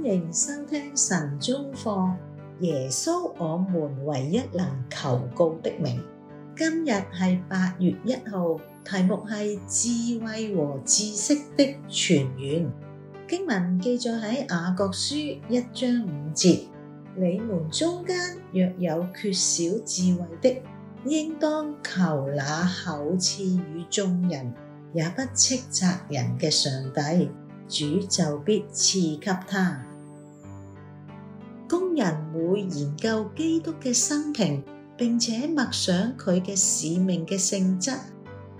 歡迎收聽晨鐘課，耶穌，我們唯一能求告的名。今日係八月一號，題目係智慧和知識的泉源。經文記載喺雅各書一章五節：你們中間若有缺少智慧的，應當求那厚賜與眾人、也不斥責人嘅上帝。主就必賜給他。工人會研究基督嘅生平，並且默想佢嘅使命嘅性質。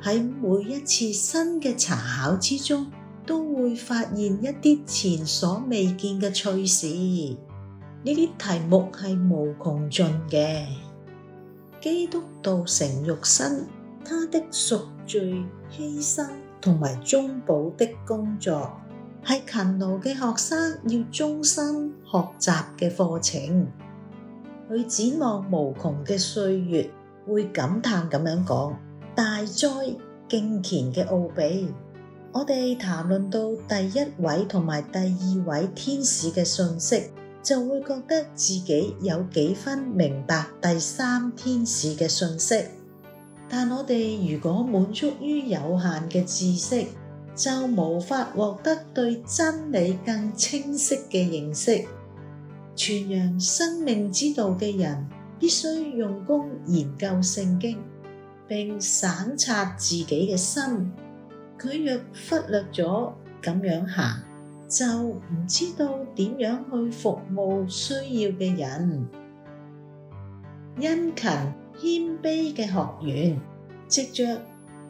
喺每一次新嘅查考之中，都會發現一啲前所未見嘅趣事。呢啲題目係無窮盡嘅。基督道成肉身，他的贖罪、犧牲同埋中保的工作。係勤勞嘅學生要終身學習嘅課程，佢展望無窮嘅歲月，會感嘆咁樣講：大哉敬虔嘅奧秘。我哋談論到第一位同埋第二位天使嘅信息，就會覺得自己有幾分明白第三天使嘅信息。但我哋如果滿足於有限嘅知識，就無法獲得對真理更清晰嘅認識。傳揚生命之道嘅人必須用功研究聖經，並省察自己嘅心。佢若忽略咗咁樣行，就唔知道點樣去服務需要嘅人。殷勤謙卑嘅學員，藉着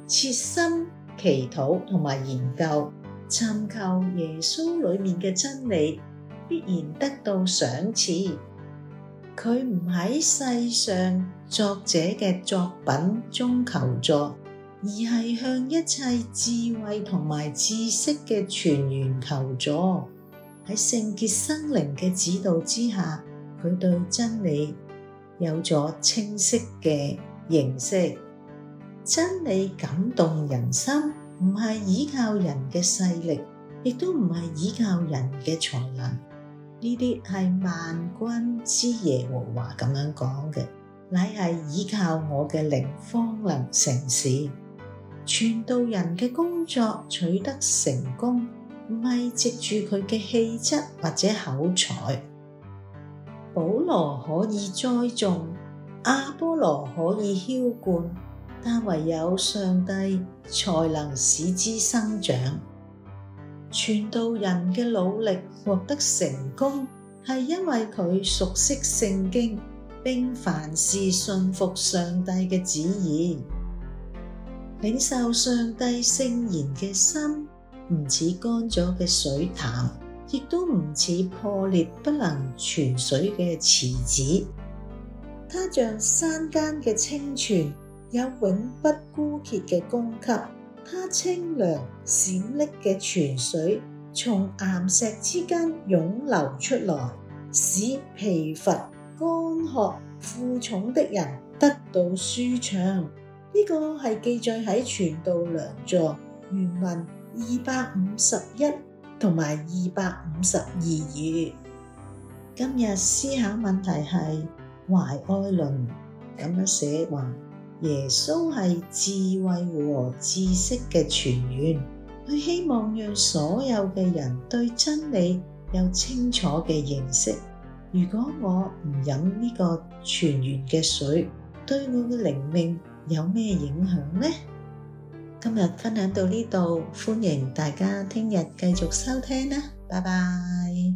切心，祈禱同埋研究，尋求耶穌裏面嘅真理，必然得到賞賜。佢唔喺世上作者嘅作品中求助，而係向一切智慧同埋知識嘅泉源求助。喺聖潔生靈嘅指導之下，佢對真理有咗清晰嘅認識。真理感動人心，唔係依靠人嘅勢力，亦都唔係依靠人嘅才能。呢啲係萬軍之耶和華咁樣講嘅，乃係依靠我嘅靈方能成事。傳道人嘅工作取得成功，唔係藉住佢嘅氣質或者口才。保羅可以栽種，阿波羅可以澆灌。但唯有上帝才能使之生長。傳道人嘅努力獲得成功，係因為佢熟悉聖經，並凡事信服上帝嘅旨意。領受上帝聖言嘅心，唔似乾咗嘅水潭，亦都唔似破裂不能存水嘅池子。他像山間嘅清泉。有永不枯竭嘅供給，它清涼閃爍嘅泉水從岩石之間湧流出來，使疲乏、乾渴、負重的人得到舒暢。呢、這個係記載喺《傳道良助》原文二百五十一同埋二百五十二頁。今日思考問題係懷愛倫咁樣寫話。耶穌係智慧和知識嘅泉源，佢希望讓所有嘅人對真理有清楚嘅認識。如果我唔飲呢個泉源嘅水，對我嘅靈命有咩影響呢？今日分享到呢度，歡迎大家聽日繼續收聽啦，拜拜。